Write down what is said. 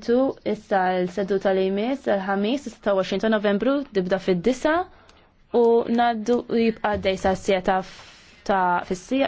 dibattitu issa l-seduta li jmiss l-ħamis 26 ta' Novembru dibda fid-disa u naddu jibqa' dejsa s-sieta ta' fis-sija